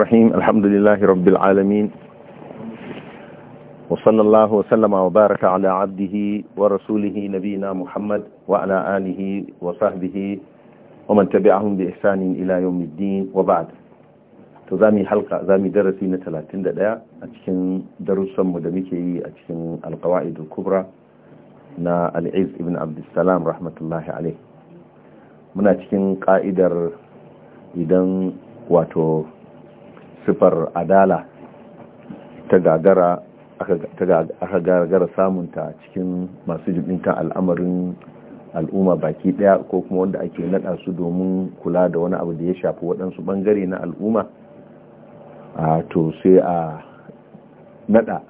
الرحيم الحمد لله رب العالمين وصلى الله وسلم وبارك على عبده ورسوله نبينا محمد وعلى آله وصحبه ومن تبعهم بإحسان إلى يوم الدين وبعد تزامي حلقة زامي درسي نتلاتين دقاء أتكن درسا مدمكي أتكن القواعد الكبرى نا العز ابن عبد السلام رحمة الله عليه muna cikin ka'idar idan wato sifar adala ta gagara aka gagara samunta cikin masu jibinta al'amarin al'umma baki daya ko kuma wanda ake nada su domin kula da wani abu da ya shafi waɗansu ɓangare na al'umma a to sai a nada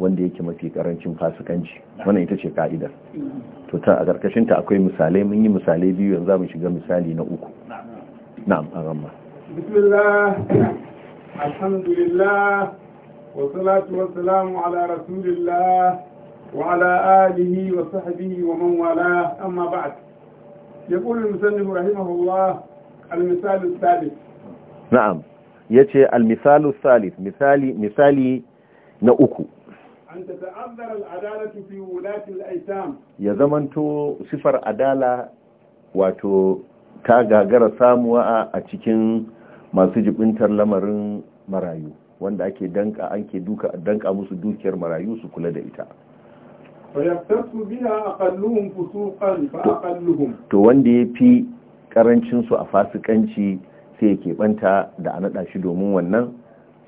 wanda yake mafi karancin fasikanci wannan ita ce ka'idar to ta a ƙarƙashinta akwai misalai mun yi misalai biyu yanzu za mu shiga misali na uku na'am a ramma الحمد لله والصلاة والسلام على رسول الله وعلى آله وصحبه ومن والاه أما بعد يقول المسلم رحمه الله المثال الثالث نعم يتي المثال الثالث مثالي مثالي نأكو أن تتأذر العدالة في ولاة wulati al'aitam ya zamanto sifar adala wato ta gagara samuwa a masu jibintar lamarin marayu wanda ake danka ake duka danka musu dukiyar marayu su kula da ita to wanda ya fi karancinsu a fasikanci sai yake banta da a naɗa shi domin wannan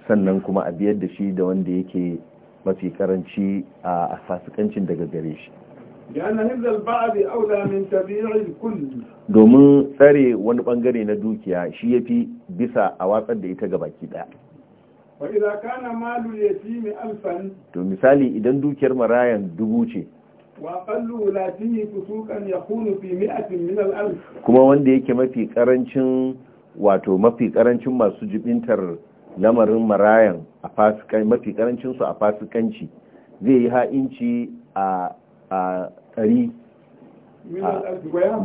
sannan kuma a biyar da shi da wanda yake mafi karanci a fasikancin daga gare shi domin tsare wani bangare na dukiya shi ya fi bisa a watsar da ita gabaki daya to misali idan dukiyar marayan dubu ce kuma wanda yake mafi karancin wato mafi karancin masu jibintar lamarin marayan a fasikanci mafi karancinsu a fasikanci zai yi ha'inci a ɗari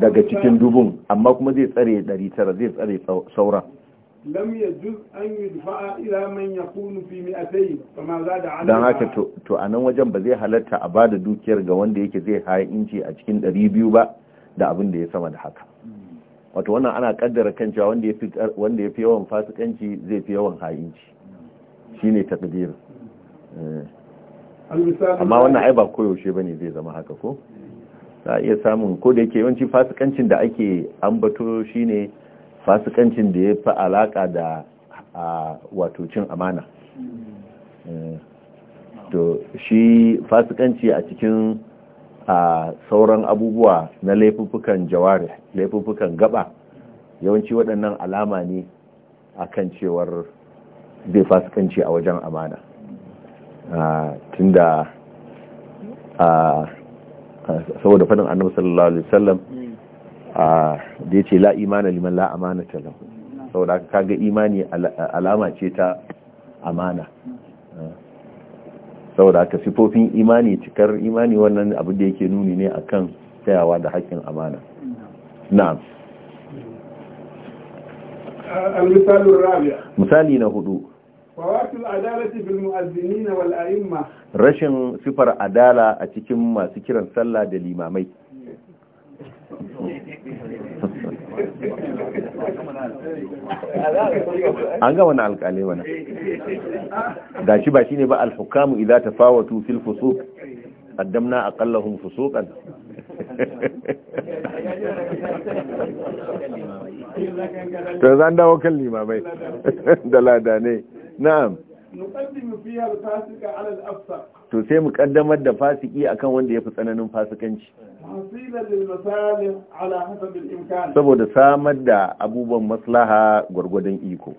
daga cikin dubun amma kuma zai tsare ɗari tara zai tsare sauran Don haka to a nan wajen ba zai halatta a bada dukiyar ga wanda yake zai haye inci a cikin 200 ba da abin da ya sama da haka wato wannan ana kaddara kan cewa wanda yafi wanda yafi yawan fasikanci zai fi yawan ha'inci shine takdir eh. amma wannan ai ba koyaushe bane zai zama haka ko za a iya samun ko da yake yawanci fasikancin da ake ambato shine fasikancin da ya fi alaka da wato cin amana eh, to shi fasikanci a cikin a sauran abubuwa na laifuffukan jawari laifuffukan gaba yawanci waɗannan alama ne akan cewar zai fasikanci a wajen amana ah, tunda ah, saboda fadin annabi sallallahu alaihi wasallam hmm. a da yace la imana liman la amanata lahu saboda ka kaga imani alama ce ta amana hmm. saboda ka sifofin imani cikar imani wannan abu da yake nuni ne akan tsayawa da haƙƙin amana hmm. na'am misali na hudu rashin sifar adala a cikin masu kiran sallah da limamai an ga wani alkali mana da shi ba shi ne ba alhukamu idan ta fawatu fil fusuk addamna aqallahum fusuqan to zan dawo kan limamai da ladane na'am to sai mu kaddamar da fasiki akan wanda yafi tsananin fasikanci saboda samar da abubuwan maslaha gwargwadon iko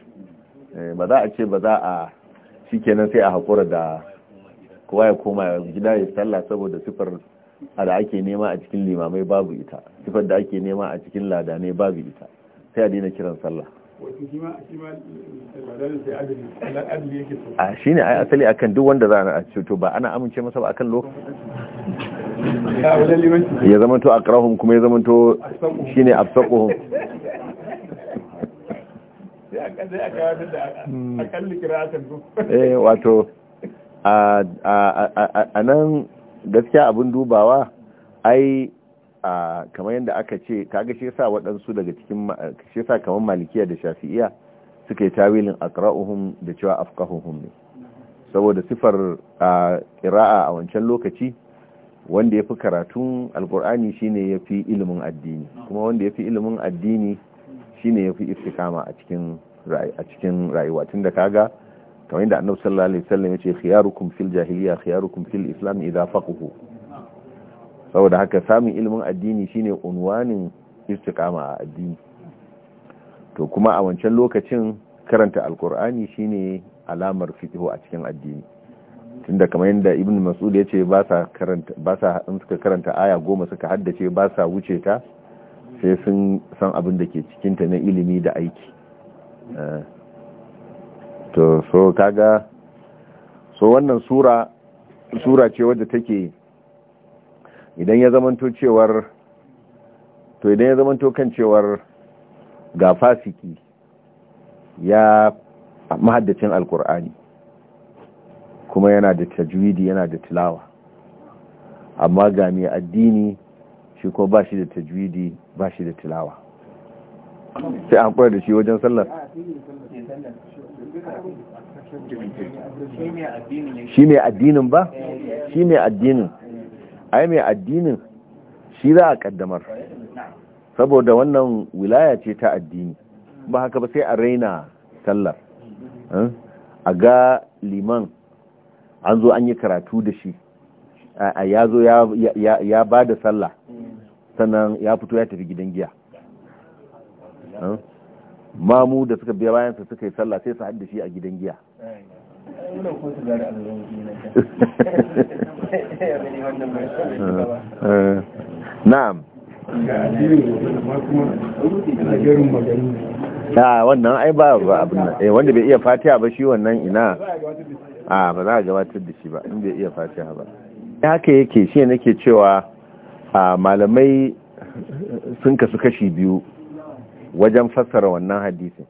eh, ba za a ce ba za a shikenan sai a hakura da kowa ya koma gida ya sallah saboda sifar da ake nema a cikin limamai babu ita sifar da ake nema a cikin ladanai babu ita sai a daina kiran sallah Eh, a shi ne ai asali akan duk wanda za a to ba ana amince masa ba akan lokaci ya zamanto a ƙarahun kuma ya zamanto shi ne afsakuhun eh wato a nan gaskiya abin dubawa ai a kamar yadda aka ce kaga shi yasa waɗansu daga cikin shi yasa kamar malikiya da shafi'iya suka yi tawilin aqra'uhum da cewa afqahuhum ne saboda sifar qira'a a wancan lokaci wanda yafi karatun alqur'ani shine yafi ilimin addini kuma wanda yafi ilimin addini shine yafi istikama a cikin a cikin rayuwa tunda kaga kamar yadda annabi sallallahu alaihi wasallam ce khiyarukum fil jahiliya khiyarukum fil islam idza faquhu saboda haka samun ilimin addini shine unwanin istiqama a addini to kuma a wancan lokacin karanta alkur'ani shine alamar fiqhu a cikin addini tunda kamar yadda ibn mas'ud ya ce ba sa karanta ba sa in suka karanta aya goma suka haddace ba sa wuce ta sai sun san abin da ke cikin ta na ilimi da aiki eh. to so kaga so wannan sura sura ce wadda take idan ya zamanto cewar to idan ya zamanto kan cewar ga fasiki ya mahaddacin alkur'ani kuma yana da tajwidi yana da tilawa amma ga mai addini shi ko ba shi da tajwidi ba shi da tilawa sai an kura da shi wajen sallar shi mai addinin ba shi mai addinin ai mai addinin shi za a kaddamar saboda wannan wilaya ce ta addini ba haka ba sai a raina sallar hmm? a ga liman an zo an yi karatu da shi ya zo ya ba da sallah sannan ya fito ya tafi gidan giya hmm? mamu da suka biya bayansa suka yi sallah sai su haɗa shi a gidan giya na'am a ah, wannan ai ba abin nan eh, wanda bai iya fatiha ba shi wannan ina a ah, ba za a gabatar da shi ba in bai iya fatiha ba haka yake shi nake cewa a ah, malamai sun kasu kashi biyu wajen fassara wannan hadisin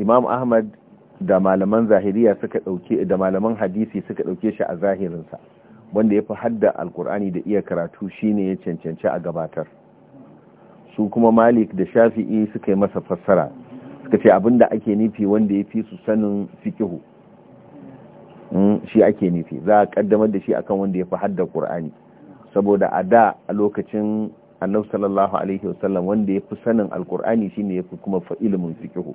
imam ahmad da malaman zahiriya suka dauke da malaman hadisi suka dauke shi a zahirinsa wanda ya fi hadda alkur'ani da iya karatu shine ya cancanci a gabatar su kuma malik da shafi'i suka yi masa fassara suka ce abinda ake nufi wanda ya fi su sanin fikihu hmm, shi ake nufi za a kaddamar da shi akan wanda ya fi hadda qur'ani saboda a da a lokacin annabi sallallahu alaihi wasallam wanda ya fi sanin alkur'ani shine ya fi kuma fa ilimin fikihu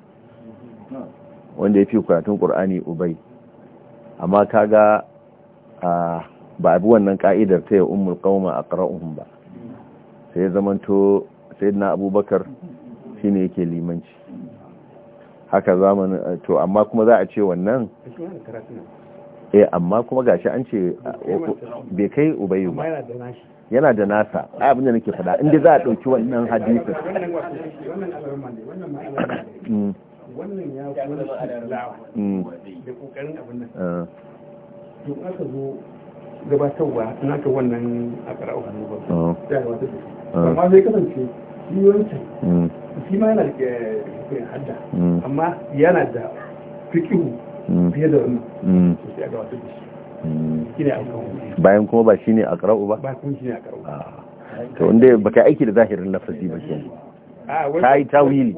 wanda ya fi karatun ƙur'ani ubai amma kaga ba a bi wannan ka'idar ta yi umar kauma a ƙara'uhun ba sai zamanto sai na abubakar shi ne yake limanci haka zamanin to amma kuma za a ce wannan eh amma kuma gashi an ce eh, bai kai ubayu ba yana da nasa abin da nake faɗa inda za a ɗauki wannan hadisin wannan ya kuma lawa mm. da kokarin abin nan ah. to aka zo gabatarwa in aka wannan a ƙara'u hannu ba ah. da ya wata amma zai kasance shi wancan mm. shi ma yana da eh, hadda mm. amma yana da fikihu fiye da wannan sosai a gabatar da shi ne bayan kuma ba shi ne a ƙara'u ba ba kuma shi ne a ƙara'u ah. to inda ba ka aiki da zahirin lafazi ba kenan ka yi tawili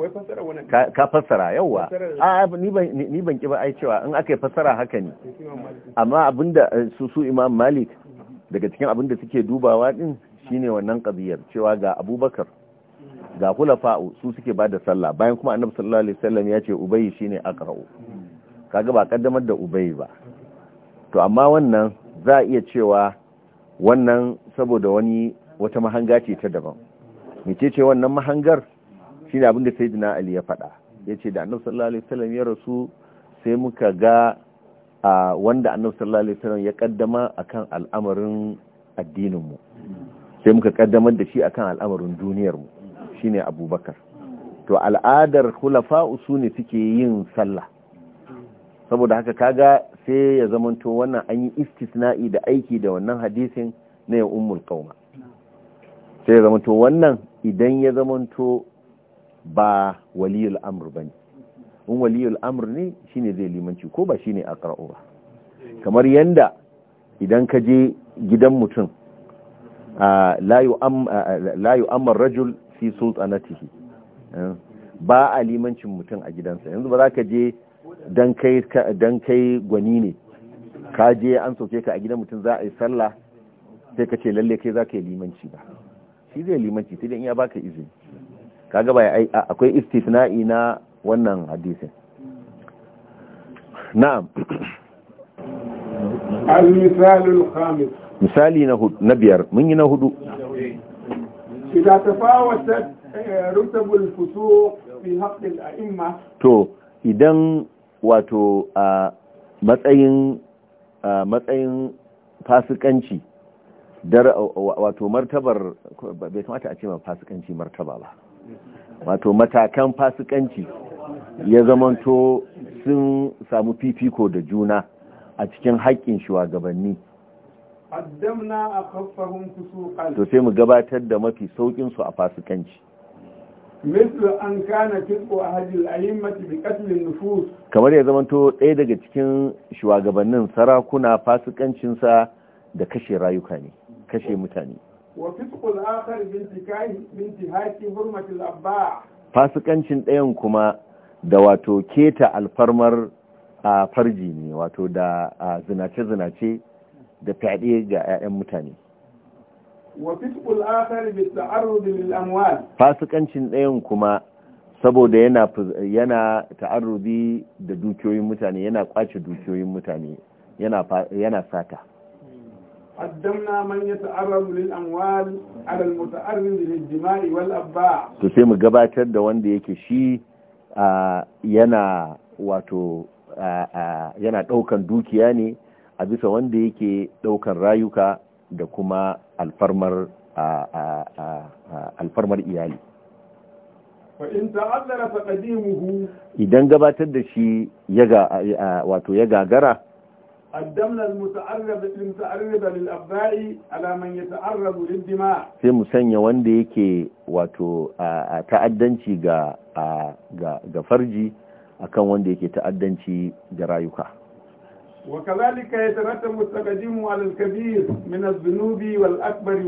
ka fassara wa? a ni ban ki ba ai cewa in aka yi fassara haka ne amma abinda eh, su su imam malik daga cikin abinda suke dubawa din shine wannan kabiyar cewa ga abubakar ga hulafa'u su suke da sallah bayan kuma annabi sallallahu alaihi wasallam ya ce ubayi shine aqra'u kaga ba kaddamar da ubayi ba to amma wannan za a iya cewa wannan saboda wani wata mahanga ce ta daban mece ce wannan mahangar shine abin da sayyidina ali ya faɗa ya ce da annabi sallallahu alaihi wasallam ya rasu sai muka ga a wanda annabi sallallahu alaihi wasallam ya kaddama akan al'amarin addinin mu sai muka kaddamar da shi akan al'amarin duniyar mu shine abubakar to al'adar hulafa su ne suke yin sallah saboda haka kaga sai ya zamanto wannan an yi istisna'i da aiki da wannan hadisin na ya ummul qauma sai ya zamanto wannan idan ya zamanto ba waliyul amr ne in waliyul amr ne shi ne zai limanci ko ba a aqra'u ba kamar yadda idan ka je gidan mutum layu Amar rajul fi sultanatihi ba a limancin mutum a gidansa yanzu ba za ka je dan kai gwani ne ka je an soke ka a gidan mutum za a yi sallah sai ka ce lalle kai za ka yi limanci ba shi zai limanci sai dai in ya baka izini kaga ba akwai istisna'i na wannan hadisin na'am al al khamis misali na hudu na biyar mun yi na hudu idan tafawatat eh, rutabul fusuq fi haqqi al-a'imma to idan wato a matsayin matsayin fasikanci dar wato martabar bai kamata a ce ma fasikanci martaba ba wato matakan fasikanci ya zamanto sun samu fifiko da juna a cikin haƙƙin shugabanni to sai mu gabatar da mafi sauƙinsu a fasikanci mislu an kana fisko a hajjil ayyummati bi katlin nufus kamar ya zamanto ɗaya daga cikin shugabannin sarakuna fasikancinsa da kashe rayuka ne kashe mutane وفسق الآخر بانتهاك حرمة الأباع فاسقنشن ɗayan kuma da wato keta alfarmar a farji ne wato da zinace-zinace da fyaɗe ga 'ya'yan mutane. Fasikancin ɗayan kuma saboda yana yana ta'arrubi da dukiyoyin mutane yana kwace dukiyoyin mutane yana sata. قدمنا من يتعرض للأموال على المتعرض للدماء والأباع تسي مقباتر دا وان دي يكشي ينا واتو yana ɗaukan dukiya ne a bisa wanda yake ɗaukan rayuka da kuma alfarmar alfarmar iyali idan gabatar da shi wato ya gagara addamnan mu ta'arraba din ta'arraba abba'i alamanyata arrabu din jima'a. sai mu sanya wanda yake ta'addanci ga farji akan wanda yake ta'addanci ga rayuka. wa kai ta rata mu saka jin mu al-kabir minas binibi wal akbari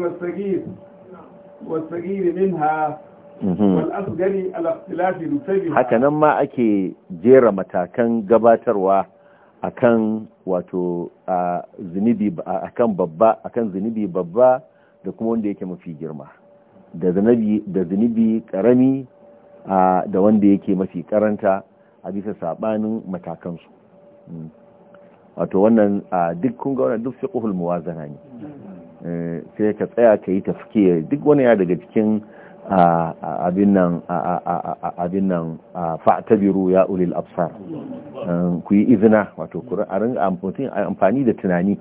wasu ɗiɗi min ha wal asu gari alatfilatu ta biyu. hakanan ma ake jera matakan gabatarwa. akan wato zunubi akan babba akan zunubi babba da kuma wanda yake mafi girma da zunubi da zunubi karami da wanda yake mafi karanta a bisa sabanin matakansu mm. wato wannan duk kun ga wannan duk fiqhul muwazana ne eh, sai ka tsaya ka yi tafkiyar duk wani ya daga cikin abin nan abin nan fa'tabiru ya ulil absar ku yi izina wato a ringa amfani da tunani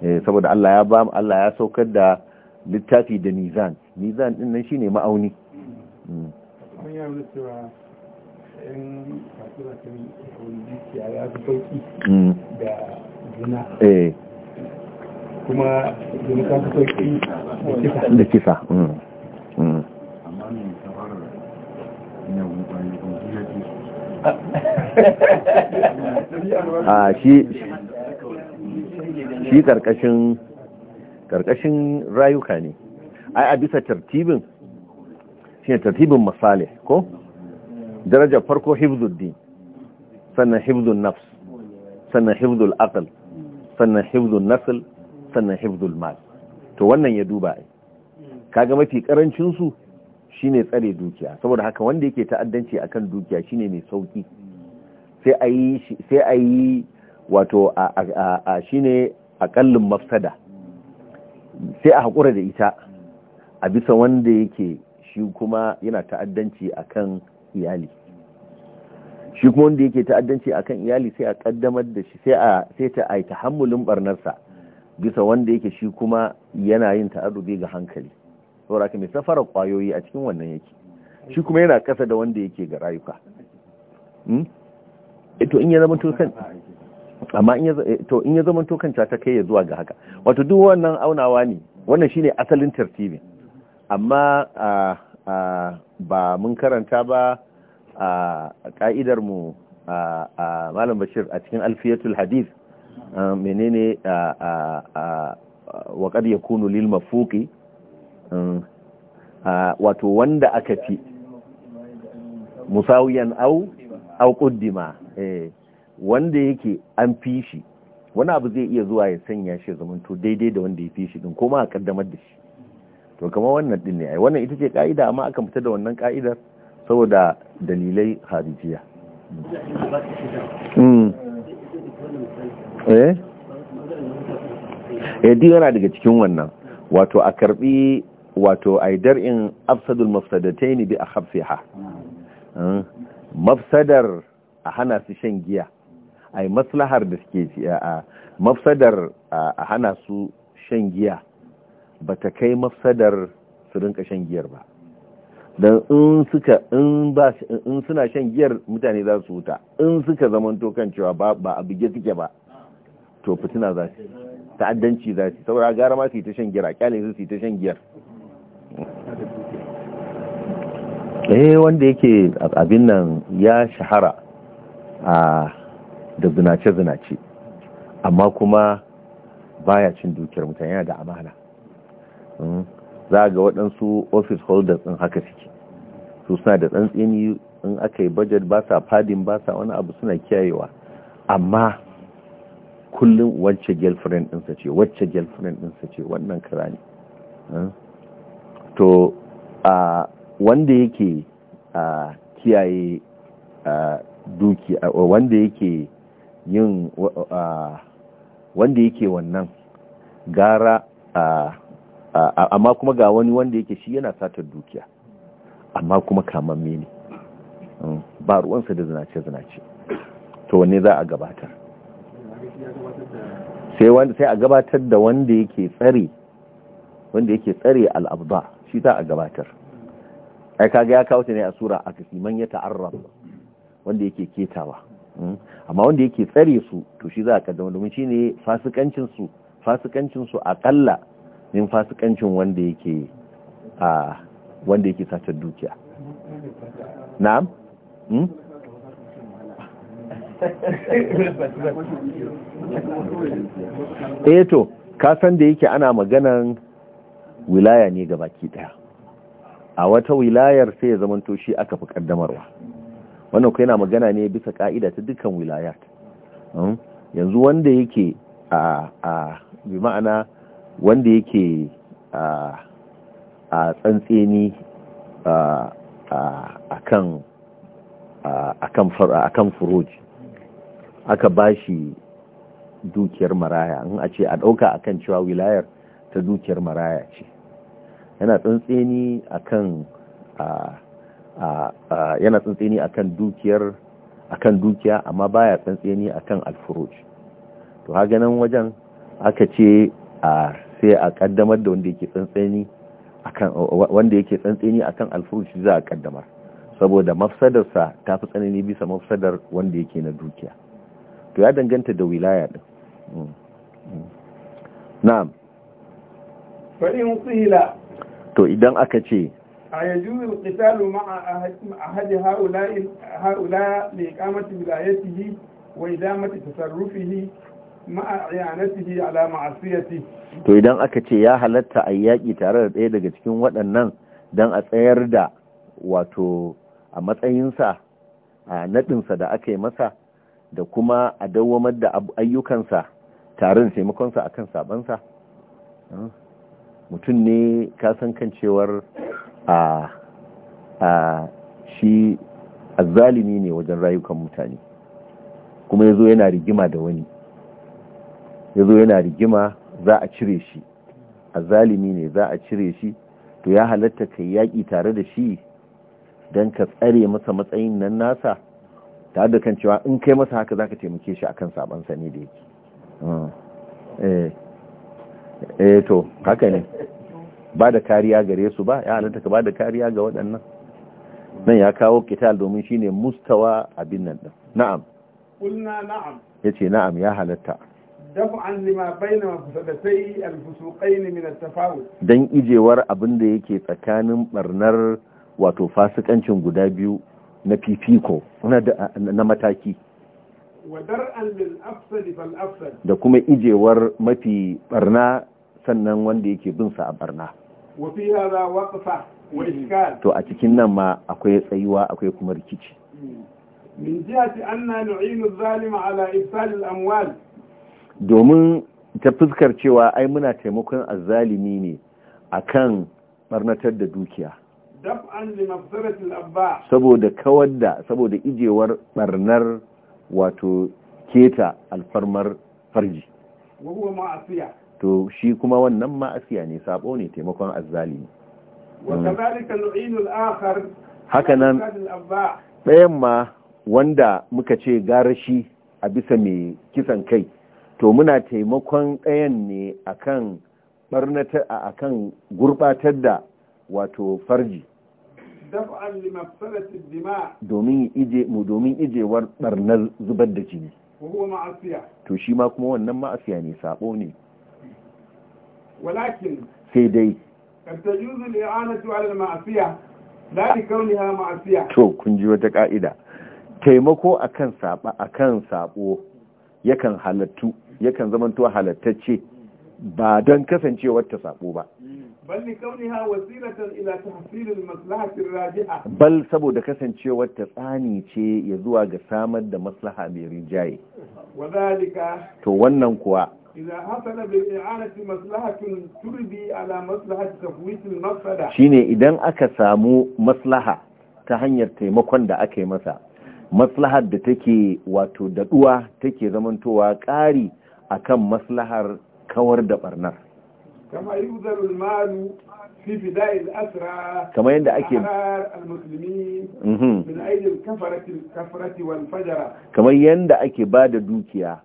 eh, saboda Allah ya ba Allah ya saukar da littafi da mizan mizan din nan shine ma'auni hmm. hmm. eh. kuma da kisa hmm. a shi shi karkashin karkashin rayuka ne ai a bisa tartibin shi ne tartibin misali ko darajar farko din sannan hifzun nafs sannan hifzul aql sannan hifzun nasl sannan hifzul mal to wannan ya duba ai kaga mafi karancin su Shi ne tsare dukiya saboda haka wanda yake ta'addanci akan dukiya shi ne mai sauki sai a yi wato a shi wato a akallin mafsada sai a haƙura da ita a bisa wanda yake shi kuma yana ta'addanci akan iyali shi kuma wanda yake ta'addanci akan iyali sai a ƙaddamar da shi sai ta ai tahammulin barnarsa bisa wanda yake shi kuma yana yin ta'arrubi ga hankali saboda mai safarar kwayoyi a cikin wannan yake shi kuma yana kasa da wanda yake ga rayuka hmm? eh, to in ya zama eh, to amma ta kai ya zuwa ga haka wato duk wannan aunawa ne wannan shine asalin tartibin amma ba mun karanta ba a ka'idar mu a malam bashir a cikin alfiyatul hadith menene wa qad yakunu lil mafuqi Ah, wato wanda aka fi musawiyan au au kuddima eh, wanda yake an fi shi wani abu zai iya zuwa ya sanya shi to daidai da wanda ya fi shi din kuma a kaddamar da shi to kamar wannan din ne ai wannan ita ce ka'ida amma aka fita da wannan ka'idar saboda dalilai harijiya hmm. eh eh yana daga cikin wannan wato a karbi wato aidar in afsadul mafsadataini bi akhaffiha hmm? mafsadar a hana su shan giya ai maslahar da suke a mafsadar a hana su shan giya bata kai mafsadar su rinka shan giyar ba don in suka in ba in suna shan giyar mutane za su huta in suka zamanto kan cewa ba ba a bige suke ba to fitina za su ta'addanci za su saboda gara ma su yi ta shan giyar a kyale su yi ta shan giyar eh wanda yake abin nan ya shahara a da zinace-zinace amma kuma baya cin dukiyar mutane yana da amana hmm? za ga waɗansu office holders ɗin haka suke su suna da tsantsini in aka yi budget ba sa fadin ba sa wani abu suna kiyayewa amma kullum wacce girlfriend ɗinsa ce wacce girlfriend ɗinsa ce wannan kira ne hmm? to a wanda yake a kiyaye a duki wanda yake yin wanda yake wannan gara a amma kuma ga wani wanda yake shi yana satar dukiya amma kuma kamar mini, hmm, ba ruwansa da zinace-zinace to wanne za a gabatar sai a gabatar da wanda yake tsare wanda yake tsare al’abba shi ta a gabatar ai kaga ya kawo ta ne a sura a kasiman ya ta’arra wanda yake ketawa hmm? amma wanda yake tsare su to shi za a kaddama domin shi ne fasikancinsu fasikancinsu a su ne fasikancin wanda yake a satar dukiya na'am hmm? eto eh to kasan da yake ana maganan wilaya ne ga baki daya a wata wilayar sai ya zamanto shi aka fi kaddamarwa wannan ku yana magana ne bisa ka'ida ta dukkan wilayat hmm? yanzu wanda yake a a bi ma'ana wanda yake a a tsantseni a akan furoj aka furoji aka bashi dukiyar maraya in a ce a dauka kan cewa wilayar ta dukiyar maraya ce yana tsantseni akan yana tsantseni akan dukiyar akan dukiya amma baya tsantseni akan alfuruj to haga nan wajen aka ce a sai a kaddamar da wanda yake tsantseni akan wanda yake tsantseni akan alfuruj za a kaddamar saboda mafsadarsa ta fi tsanani bisa mafsadar wanda yake na dukiya to ya danganta da wilaya din hmm. Hmm. na'am fa in to idan aka ce a yanzu يجوز القتال مع أحد هؤلاء هؤلاء لإقامة ولايته وإدامة تصرفه مع عيانته على معصيته to idan aka ce ya halatta a yaƙi tare da ɗaya daga cikin waɗannan don a tsayar da wato a matsayinsa a naɗinsa da aka yi masa da kuma a dawwamar da ayyukansa tarin taimakonsa a kan sabansa mutum ne kasan kan cewar a a shi azzalimi ne wajen rayukan mutane kuma ya zo yana rigima da wani ya zo yana rigima za a cire shi azzalimi ne za a cire shi to ya halatta ka yaƙi tare da shi don ka tsare masa matsayin nan nasa tare da kan cewa in kai masa haka za ka taimake shi akan sabon ne da yake mm. eh. eh to haka ne ba da kariya gare su ba ya halatta ka ba da kariya ga waɗannan nan ya kawo kital domin shine mustawa abin nan din na'am kulna na'am yace na'am ya halatta daf'an lima baina da al-fusuqain min at-tafawut dan ijewar abin da yake tsakanin barnar wato fasikancin guda biyu na fifiko na mataki da kuma ijewar mafi barna sannan wanda yake bin sa a barna mm-hmm. to a cikin nan ma akwai tsayuwa akwai kuma rikici mm-hmm. min jihati anna nu'inu zalima ala ifsal amwal domin ta fuskar cewa ai muna taimakon azzalimi ne akan barnatar da dukiya saboda kawar da saboda ijewar barnar wato keta alfarmar farji to shi kuma wannan ma'asiya ne sabo ne taimakon azali haka nan ɗayan ma wanda muka ce gara shi a bisa mai kisan kai to muna taimakon ɗayan ne akan barnata gurbatar da wato farji domin ije mu domin ijewar barnar zubar da jini to shi ma kuma wannan ma'asiya ne sabo ne walakin sai dai tajuzu li'anatu 'ala al-ma'asiya kauniha ma'asiya to kun ji wata ka'ida taimako akan saba akan sabo yakan halattu yakan zamanto halattacce ba don kasancewar ta sabo ba bal li kauniha wasilatan bal saboda kasancewar ta tsani ce ya zuwa ga samar da maslaha mai rinjaye to wannan kuwa إذا حصل maslaha مصلحة تربي على مصلحة تفويت المقصد شيني إذن أكا سامو مصلحة تهنير take دا أكي مسا مصلحة دا تكي واتو دقوة take زمن ƙari kama yadda kama ake ba da kamar ake bada dukiya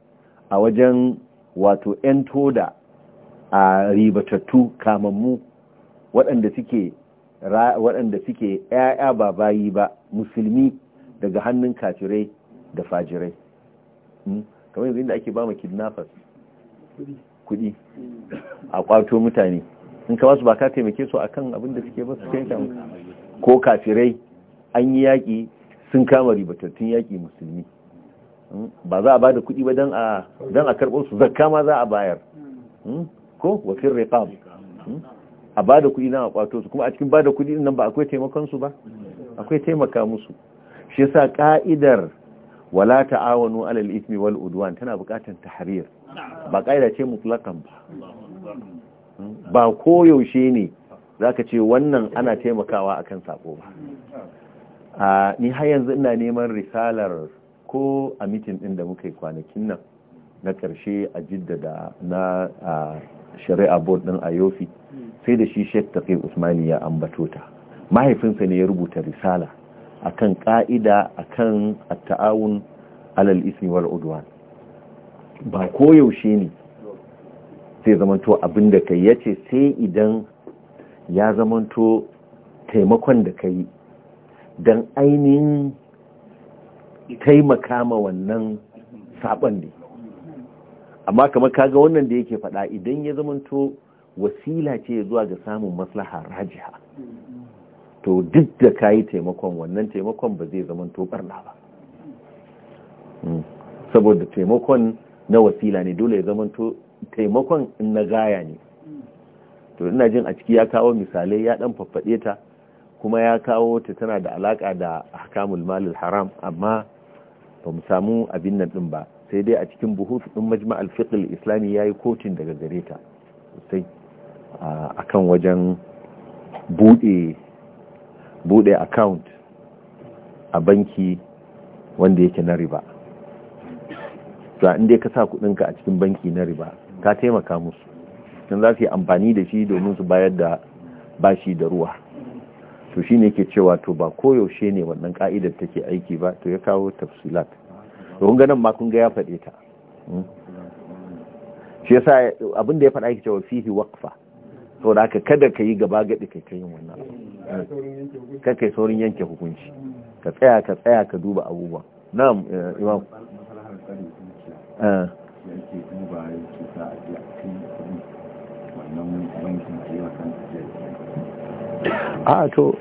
a wajen wato yan toda a ribatattu kamammu waɗanda suke waɗanda suke ‘ya'ya ba bayi ba musulmi daga hannun kafirai da fajirai kamar yadda ake ba ma kidnappers kuɗi a kwato mutane in ka wasu ba ka taimake su akan abin da suke ba su kai ko kafirai an yi yaƙi sun kama ribatattun yaƙi musulmi hmm? ba za a ba da kuɗi ba don a karɓo su zakka ma za a bayar hmm? ko wafin riƙam hmm? a ba da kuɗi don a kwato su kuma a cikin ba da kuɗi nan ba akwai taimakon su ba akwai taimaka musu shi sa ka'idar wala ta'awanu alal ismi wal udwan tana buƙatar tahrir ba ƙa'ida ce mutlakan ba ba koyaushe ne za ka ce wannan ana taimakawa akan sako ba a ni har yanzu ina neman risalar ko a mitin ɗin da muka yi kwanakin nan na ƙarshe a jiddada na shari'a board ɗin yofi sai da shi sheik tafi usmani ya ambato ta mahaifinsa ne ya rubuta risala akan ƙa'ida akan ta'awun alal ismi wal ba koyaushe ne zai zamanto abin da kai ya ce sai idan ya zamanto taimakon da ka yi don ainihin taimaka ma wannan sabon ne amma kamar kaga wannan da yake faɗa idan ya zamanto wasila ce zuwa ga samun maslaha rajiha to duk da ka yi taimakon wannan taimakon ba zai zamanto barna ba hmm. saboda taimakon na wasila ne dole ya zamanto taimakon in na gaya ne to ina jin a ciki ya kawo misalai ya dan faffaɗe ta kuma ya kawo ta tana da alaka da ahkamul malil haram amma ba mu samu abin nan din ba sai dai a cikin buhuf din majma'al fiqh al-islami yayi kotin daga gare ta sai akan wajen bude bude account a banki wanda yake na riba to in dai ka sa kuɗinka a cikin banki na riba ka taimaka musu don za su yi amfani da shi domin su bayar da bashi da ruwa to shi ne ke cewa to ba koyaushe ne wannan ka'idar take aiki ba to ya kawo tafsilat ga ganin ma kun ga ya faɗe ta hmm? shi yasa abin da ya faɗa yake cewa fihi waqfa da haka kada ka yi gaba gaɗi kai ta yin wannan abu kai kai saurin yanke hukunci ka tsaya ka tsaya ka duba abubuwan na eh, imam a to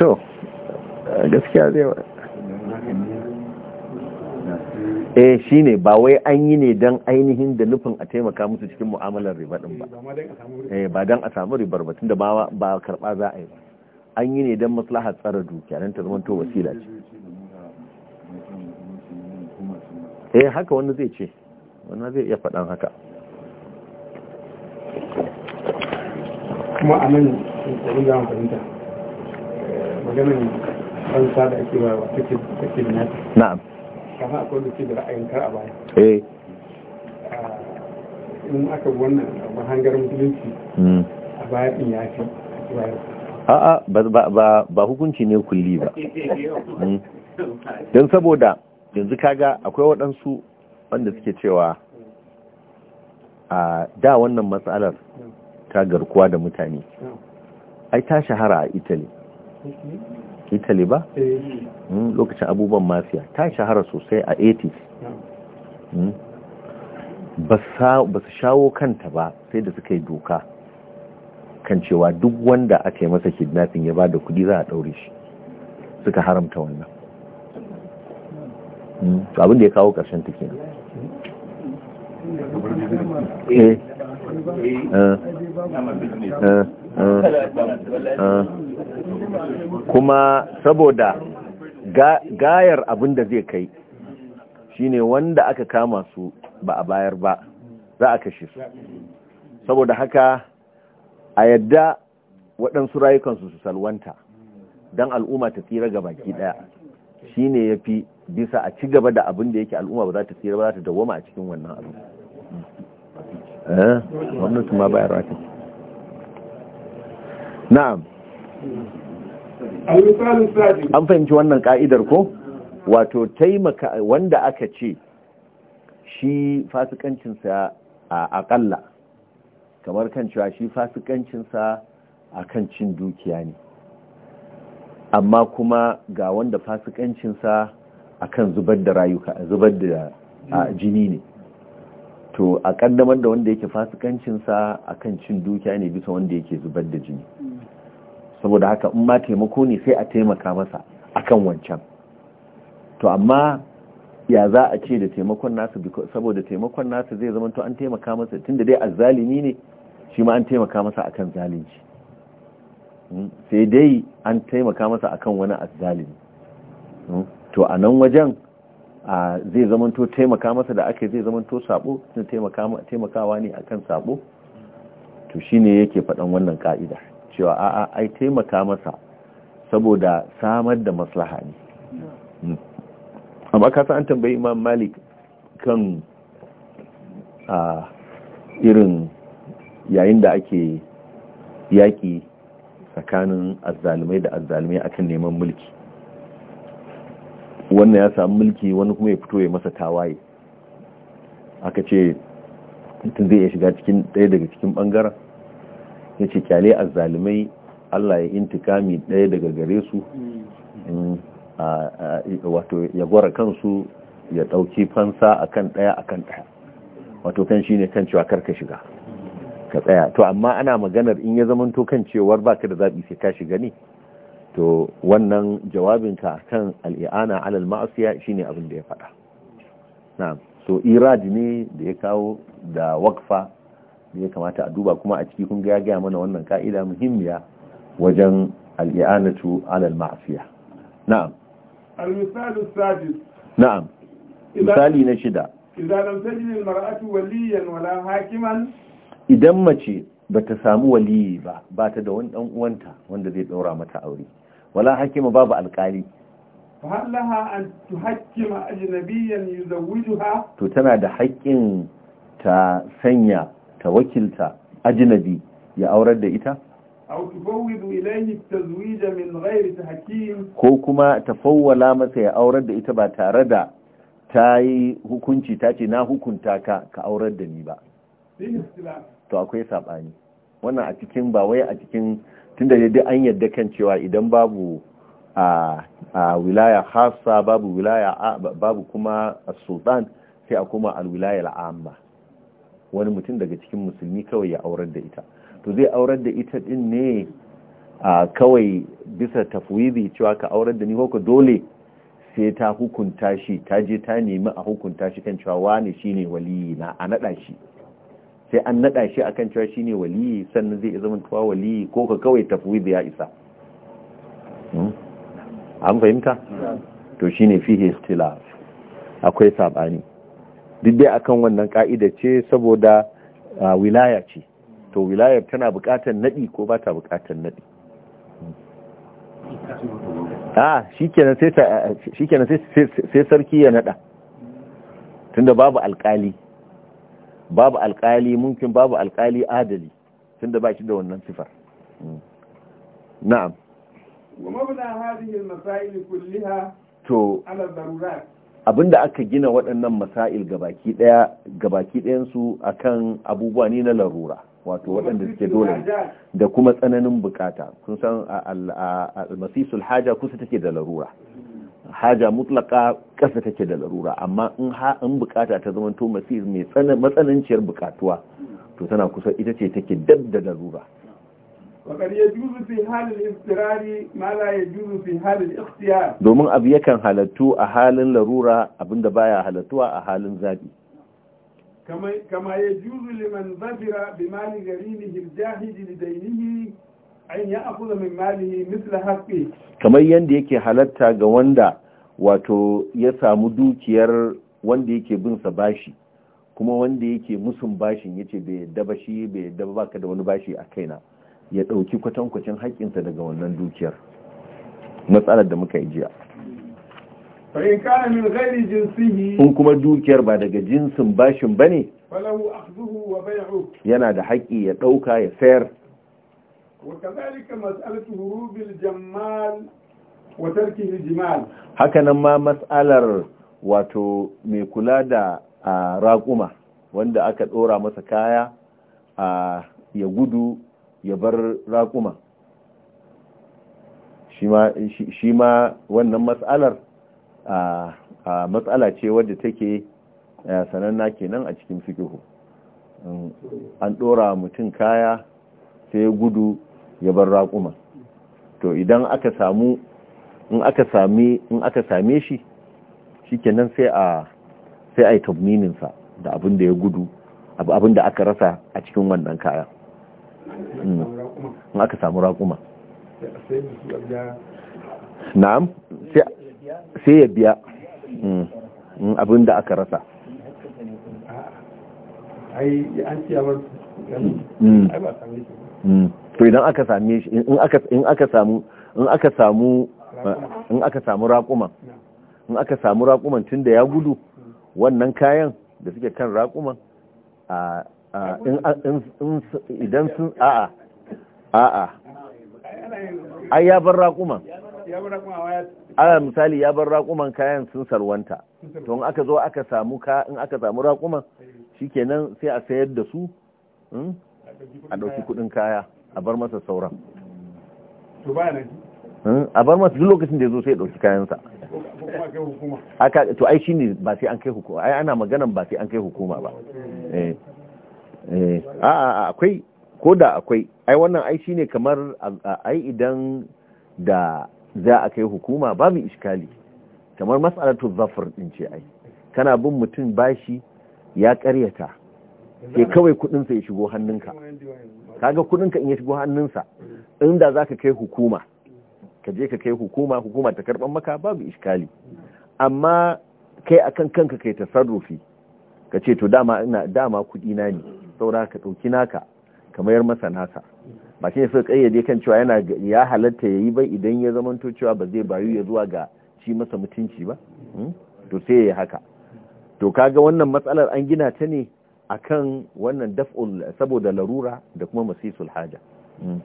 to gaskiya zai eh shi ba wai an yi ne don ainihin da nufin a taimaka musu cikin mu'amalar riba din ba eh ba don a samu ribar batun da ba karba za a yi ba an yi ne don maslahar tsara dukiya don ta zamanto wasila ce eh haka wani zai ce wannan zai iya faɗan haka kuma a nan tsarin zama fahimta maganin fansa da ake wa take da nata na'am kama akwai da ke da ra'ayin kar a baya eh ah, in aka wannan mahangar musulunci hmm. a baya ɗin ya fi a'a ba hukunci ne kulli ba hmm. don saboda yanzu kaga akwai waɗansu wanda suke cewa a da wannan matsalar ta garkuwa da mutane ai ta shahara a italy italy ba hmm, lokacin abubuwan mafiya ta shahara sosai a 80s hmm. ba su shawo kanta ba sai da suka yi doka kan cewa duk wanda aka yi masa kidnapping ya ba da kudi za a ɗaure shi suka haramta wannan hmm, abin da ya kawo ƙarshen ta kenan kuma saboda gayar abin da zai kai shine wanda aka kama su ba a bayar ba za a kashe su saboda haka a yadda waɗansu rayukansu su salwanta don al'umma ta tsira ga baki ɗaya shine ya fi bisa a ci gaba da abin da yake al'umma ba za ta tsira ba za ta dawoma a cikin wannan abin. Eh? gwamnati ma bayar ta na'am an fahimci wannan ka'idar ko wato taimaka wanda aka ce shi fasikancinsa a akalla kamar kan cewa shi fasikancinsa a kan cin dukiya ne amma kuma ga wanda fasikancinsa a kan zubar da rayuka zubar da jini ne to a kaddamar da wanda yake fasikancinsa a kan cin dukiya ne bisa wanda yake zubar da jini saboda haka in ma taimako ne sai a taimaka masa akan wancan to amma ya za a ce da taimakon nasu saboda taimakon nasu zai zama to an taimaka masa tun da dai zalimi ne shi ma an taimaka masa akan zalunci hmm? sai dai an taimaka masa akan wani zalimi hmm? to a nan wajen zai zamanto taimaka masa da aka zai zamanto sabo sun taimakawa ne akan sabo to shine yake faɗan wannan ka'ida cewa a'a ai taimaka masa saboda samar da maslaha ne hmm. amma kasa an tambayi imam malik kan a irin yayin da ake yaƙi tsakanin azzalumai da azzalumai akan neman mulki wannan ya samu mulki wani kuma ya fito ya masa tawaye aka ce mutum zai iya shiga cikin ɗaya daga cikin ɓangaren ya ce kyale a zalimai allah ya intikami ɗaya daga gare su wato ya gwara kansu ya ɗauki fansa akan ɗaya akan ɗaya wato kan shi ne kan cewa karka shiga ka tsaya to amma ana maganar in ya zamanto kan cewar baka da zaɓi sai ka shiga ne to wannan jawabinka kan al'i'ana alal ma'asiya shine abin da ya faɗa na'am so iraj ne da ya kawo da wakfa da ya kamata a duba kuma a ciki kun ga ya gaya mana wannan ka'ida muhimmiya wajen al'i'anatu alal ma'asiya na'am al-misalu sadis na'am misali na shida idan lam tajid al-mar'atu waliyan wala hakiman idan mace bata samu waliyi ba bata da wani dan uwanta wanda zai daura mata aure wala hakima babu alkali fahallaha an tuhakkima ajnabiyan yuzawwijuha to tana da haƙƙin ta sanya ta wakilta ajnabi ya aurar da ita aw tufawwidu ilayhi at-tazwij min ghayri tahkim ko kuma tafawwala masa ya aurar da ita ba tare da tayi hukunci ta ce na hukunta ka ka aurar da ni ba to akwai saɓani wannan a cikin bawai a cikin tunda ne dai an yadda kan cewa idan babu a wilaya hassa babu wilaya babu kuma sultan sai a kuma alwilaya al'amma wani mutum daga cikin musulmi kawai ya aurar da ita to zai aurar da ita din ne a kawai bisa tafwidi cewa ka aurar da ni ko dole sai ta hukunta shi ta je ta nemi a hukunta shi kan cewa wane shine waliyi na a nada shi sai an nada shi akan cewa shine waliyi sannan zai zama tuwa waliyi ko ka kawai tafwid ya isa hmm? an fahimta to shine fihi istilaf akwai sabani duk dai akan wannan ka'ida ce saboda wilaya ce to wilaya tana bukatar nadi ko ba ta bukatar nadi a shikenan sai sai sarki ya nada tunda babu alkali babu alkali mumkin babu alkali adali da ba shi da wannan sifar mm. na'am yin هذه kulli ha to abinda aka gina waɗannan masail gabaki ɗaya gabaki ɗayansu kan abubuwa ne na larura wato waɗanda suke dole da kuma tsananin bukata kun san al-masisul haja kusa take da larura haja mutlaka ƙasa take da larura amma in ha in bukata ta zama to mai matsananciyar bukatuwa to tana kusa ita ce take dab da larura juzu يجوز halin ya juzu halin domin abu yakan halattu a halin larura abinda baya halattuwa a halin zabi kama ya juzu liman zabira bi mali gharimihi al kamar yadda yake halatta ga wanda wato ya samu dukiyar wanda yake bin sa bashi kuma wanda yake musun bashin yace bai yadda ba shi bai yadda ba baka da wani bashi a kaina ya dauki kwatankwacin haƙƙinsa daga wannan dukiyar matsalar da muka yi jiya in kuma dukiyar ba daga jinsin bashin bane yana da haƙƙi ya ɗauka ya sayar وكذلك مسألة هروب الجمال وترك الجمال هكذا ما مسألة wato mai kula da raƙuma wanda aka ɗora masa kaya ya gudu ya bar raƙuma wannan matsalar matsala ce wadda take sananna kenan a cikin fikihu an ɗora mutum kaya sai gudu ya bar raƙuma to idan aka samu in aka same in aka same shi shikenan sai a sai a yi tabminin sa da abin da ya gudu abin da aka rasa a cikin wannan kaya hmm. in aka samu raƙuma na'am sai ya biya hmm. abin da aka rasa ai an ciya ba hmm. ai ba sami to idan aka same shi in aka in aka samu in aka samu in aka samu raquma in aka samu raƙuman tunda ya gudu wannan kayan da suke kan raquma a in idan sun a a a a ai ya bar raquma raquma ya bar raƙuman ala misali ya bar raquman kayan sun sarwanta to in aka zo aka samu ka in aka samu raquma shikenan sai a sayar da su hmm, a ɗauki kuɗin kaya a bar masa sauran hmm? a bar masa duk lokacin da ya zo sai ya ɗauki kayansa to ai shi ne ba sai an kai hukuma ai ana maganan ba sai an kai hukuma ba eh, eh, a akwai ko da akwai ai wannan ai shi ne kamar ai idan da za a kai hukuma babu iskali kamar matsalatu zafir din ce ai kana bin mutum bashi ya karyata sai kawai kudinsa ya shigo hannunka kaga kudin ka in ya shigo hannunsa inda za ka kai hukuma ka je ka kai hukuma hukuma ta karban maka babu iskali amma kai akan kanka kai tasarrufi ka ce to dama ina dama kudi na ne saura ka ɗauki naka ka mayar masa nasa ba shi ne suka kayyade kan cewa yana ya halatta yayi bai idan ya zamanto cewa ba zai bayu ya zuwa ga ci masa mutunci ba hmm? to sai ya haka to kaga wannan matsalar an gina ta ne akan wannan daf'ul saboda larura da kuma masisul haja hmm.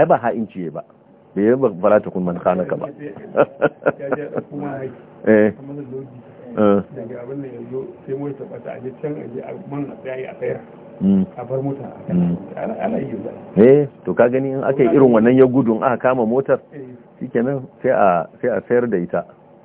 ai ba ha'inci ba bai yi ba fara ta kun man khanaka ba eh ba eh. Hmm. Hmm. eh to ka gani in aka yi irin wannan ya gudun aka kama motar eh. shikenan sai sai a sayar da ita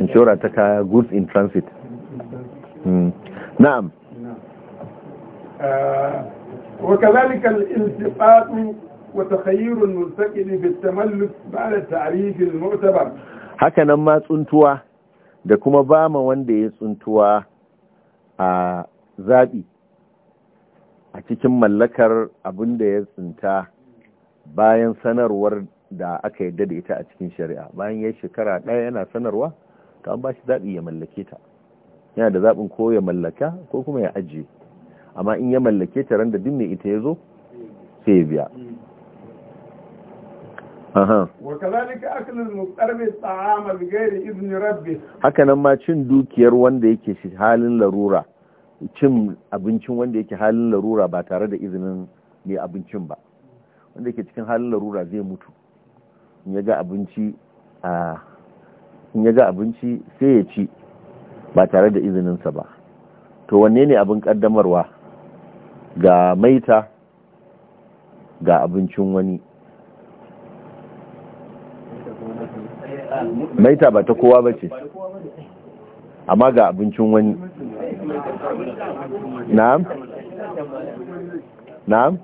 inshora ta kaya goods in transit hmm. na'am وكذلك الالتقاط وتخيير الملتقي بالتملك بعد التعريف المعتبر haka nan ma tsuntuwa da kuma ba ma wanda ya tsuntuwa a zaɓi a cikin mallakar abin da ya tsinta bayan sanarwar da aka yadda da ita a cikin shari'a bayan ya shekara ɗaya yana sanarwa to an ba shi zaɓi ya mallake ta yana da zaɓin ko ya mallaka ko kuma ya ajiye amma in ya mallake ta randa duk mai ita ya zo sai ya biya haka nan ma cin dukiyar wanda yake shi halin larura cin abincin wanda yake halin larura ba tare da izinin mai abincin ba wanda yake cikin halin larura zai mutu in ya ga abinci sai ya ci ba tare da izininsa ba to wanne ne abin kaddamarwa ga maita ga abincin wani maita ba ta kowa ba ce amma ga abincin wani na'am na'am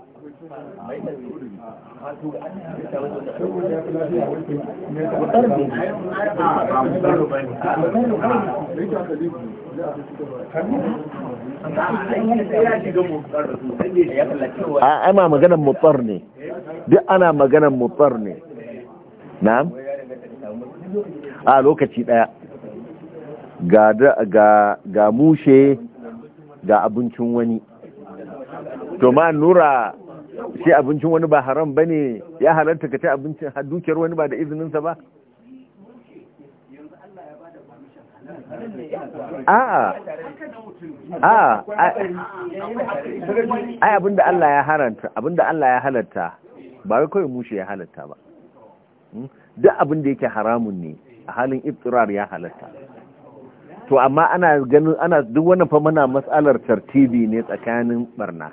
ana maganan mutsar ne duk ana maganan mutsar ne na'am a lokaci daya ga ga mushe ga abincin wani to ma nura shi abincin wani ba haram ba ne ya halarta ka ci abincin dukiyar wani ba da izininsa ba a'a a'a ai abinda Allah ya haranta abinda Allah ya halarta ba wai kawai mushe ya halarta ba hmm? duk abinda yake haramun ne a halin iftirar ya halarta, to amma ana ganin ana duk wani fa muna matsalar tartibi ne tsakanin barna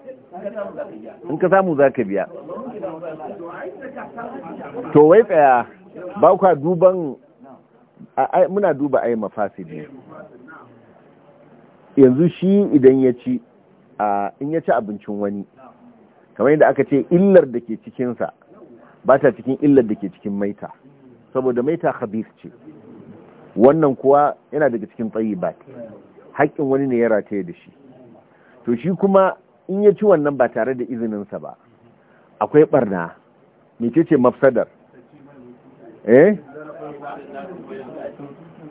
in ka samu za ka biya to wai tsaya ba kwa duban muna duba ai mafasidi yanzu shi idan ya ci in ya ci abincin wani kamar yadda aka ce illar da ke cikinsa ba ta cikin illar da ke cikin maita saboda maita khabis ce wannan kuwa yana daga cikin tsayi ba haƙƙin wani ne ya rataye da shi to shi kuma in ya ci wannan ba tare da izininsa ba akwai barna mece ce mafsadar eh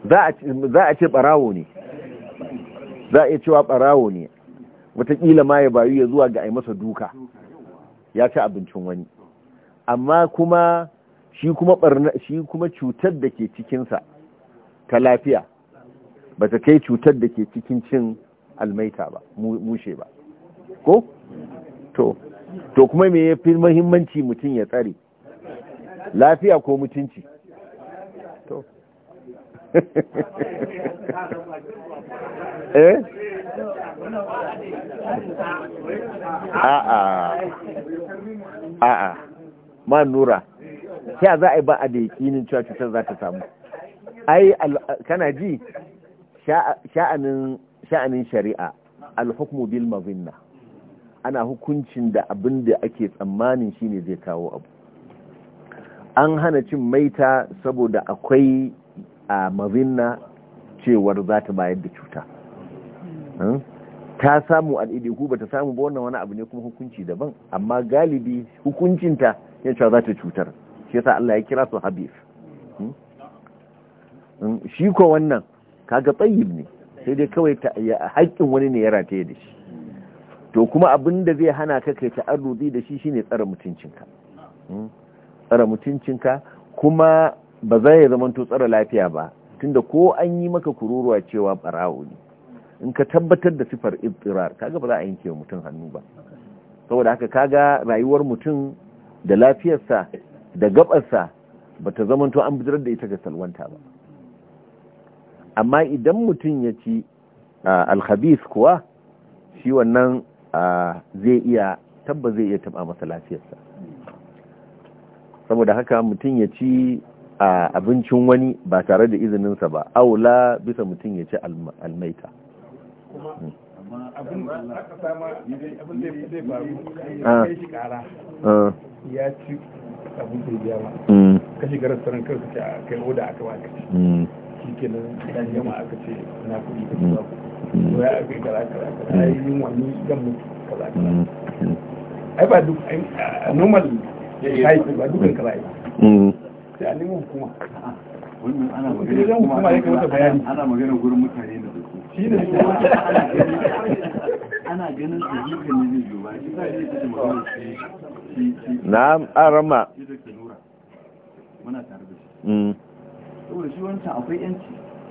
za a ce barawo ne za a iya cewa barawo ne watakila ma ya bayu ya zuwa ga ai masa duka ya ci abincin wani amma kuma shi kuma barna shi kuma cutar da ke cikinsa ta lafiya ba ta kai cutar da ke cikin cin almaita ba mushe ba ko to to kuma me ya fi muhimmanci mutum ya tsare lafiya ko mutunci to eh a'a a'a ma nura ta za a yi ba a da yakinin cewa cutar za ta samu ai kana ji sha'anin shari'a al-hukmu bil mazinna ana hukuncin da abin da ake tsammanin shine zai kawo abu an hana cin maita saboda akwai a mazinna cewar za ta bayar da cuta hmm? ta samu al'idi ku ba ta samu ba wannan wani abu ne kuma hukunci daban amma galibi hukuncinta ya cewa za ta cutar shi yasa Allah ya kira su habif hmm? hmm? shi ko wannan kaga tsayib ne sai dai kawai haƙƙin wani ne ya rataye da shi to kuma abin da zai hana ka kai ta'arruzi da shi shine tsara mutuncinka hmm? tsara mutuncinka kuma ba za zama zamanto tsara lafiya ba tunda ko an yi maka kururuwa cewa barawo ne in ka tabbatar da sifar ibtirar kaga ba za a yanke mutum hannu ba saboda haka kaga rayuwar mutum da lafiyarsa da gabarsa ba ta zamanto an bidirar da ita ga salwanta ba amma idan mutum ya ci ah, alhabis kuwa shi wannan zai iya tabba zai iya taba masa lafiyarsa saboda haka mutum ya ci abincin wani ba tare da izininsa ba aula bisa mutum ya ci almaita ah. ya ci abin da ya ba hmm. kashi garar tsarin kansu ce a kai oda aka ba ka ci hmm. shi kenan ya jama aka ce na kuɗi ka ci ba hmm. to ya ba duk a normal ya yi ba dukan kaza mm. sai a kuma ana magana gurin mutane da shi ne ana ganin su duka ne zai ba shi magana shi shi arama shi da muna tare da shi mm. saboda shi wancan akwai yanci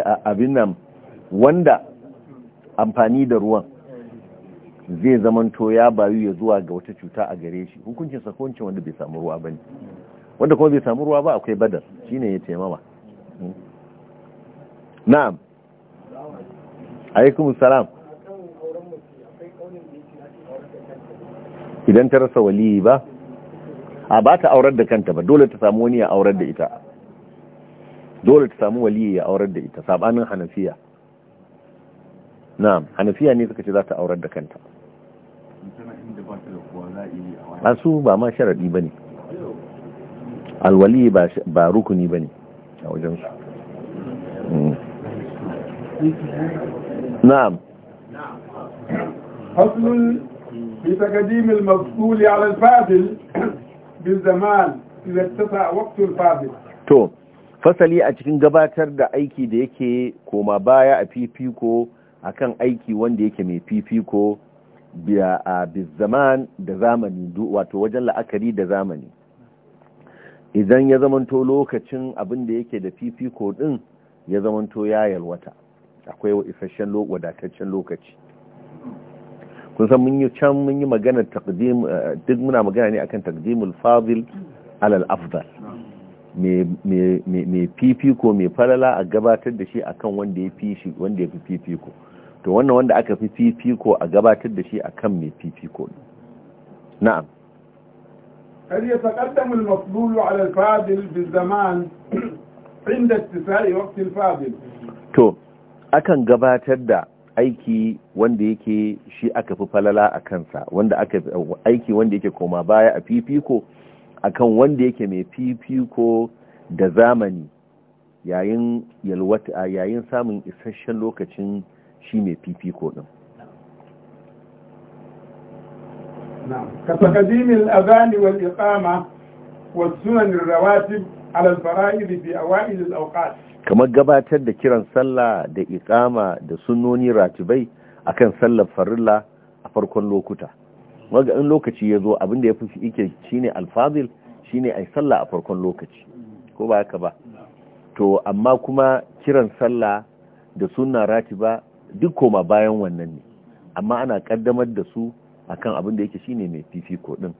abin nan wanda amfani da ruwan zai zamanto ya bayu ya zuwa ga wata cuta a gare shi hukuncin sakonci wanda bai samu ruwa ba ne wanda kuma bai samu ruwa ba akwai badar shine ya taimama na'am alaikum salam idan ta rasa waliyi ba a ba ta aurar da kanta ba dole ta samu wani ya aurar da ita dole ta samu waliyi ya aurar da ita sabanin hanafiya na'am hanafiya ne suka ce za ta aurar da kanta a su ba ma sharaɗi ba ne alwali ba rukuni ba ne a wajensu na'am faslun fi takadimil mafsuli ala alfadil bil zaman idan tasa waqtul fadil to fasali a cikin gabatar da aiki da yake koma baya a fifiko akan aiki wanda yake mai fifiko a zaman da zamani wato wajen la'akari da zamani idan ya zamanto lokacin abin da yake da fifiko din ya zamanto ya yalwata akwai isasshen wadataccen lokaci kun san mun yi can mun yi magana eh, duk muna magana ne akan takdimul fadil alal afdal mai fifiko mai falala a gabatar da shi akan wanda ya fi shi wanda ya fi fifiko to wannan wanda aka fi fifiko a gabatar da shi a kan mai fifiko na'am هل يتقدم المفضول على الفاضل بالزمان عند اتساع waktin Fadil. to akan gabatar da aiki wanda yake shi aka fi falala a kansa wanda aka aiki wanda yake koma baya a fifiko akan wanda yake mai fifiko da zamani yayin yalwata yayin samun isasshen lokacin shi mai fifiko din كتقديم الأذان والإقامة والسنن الرواتب على الفرائض في أوائل الأوقات كما gabatar da kiran sallah da إقامة da سنوني راتبي أكن sallar بفر الله أفركن lokuta. waga in lokaci ya zo abinda ya fi ike shine alfazil shine ai sallah a farkon lokaci ko ba haka ba to amma kuma kiran sallah da sunna ratiba duk koma bayan wannan ne amma ana kaddamar da su akan abin da yake shine mai ko din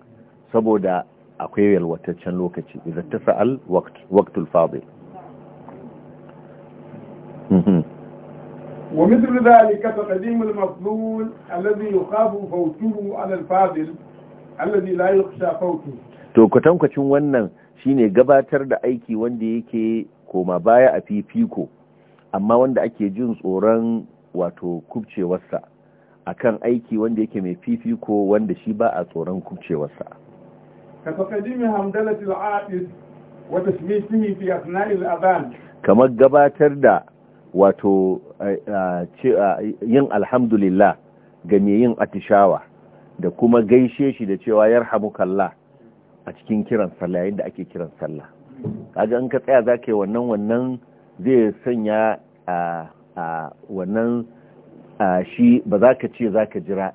saboda akwai yalwataccen lokaci idan ta sa'al waqtul fadil hmm, hmm. ومثل ذلك تقديم المفضول الذي يخاف فوته على الفاضل الذي لا يخشى فوته to kwatankwacin wannan shine gabatar da aiki wanda yake koma baya a fifiko amma wanda ake jin tsoron wato kubcewarsa akan aiki wanda yake mai fifiko wanda shi ba a tsoron kubcewarsa ka taqdimi hamdalatil aaqis wa tasmitihi fi asna'il adhan kamar gabatar da wato yin alhamdulillah ga mai yin atishawa da kuma gaishe shi da cewa yarhamukallah a cikin kiran sallah yayin ake kiran sallah kaga in ka tsaya za ka yi wannan wannan zai sanya a wannan shi ba za ka ce za ka jira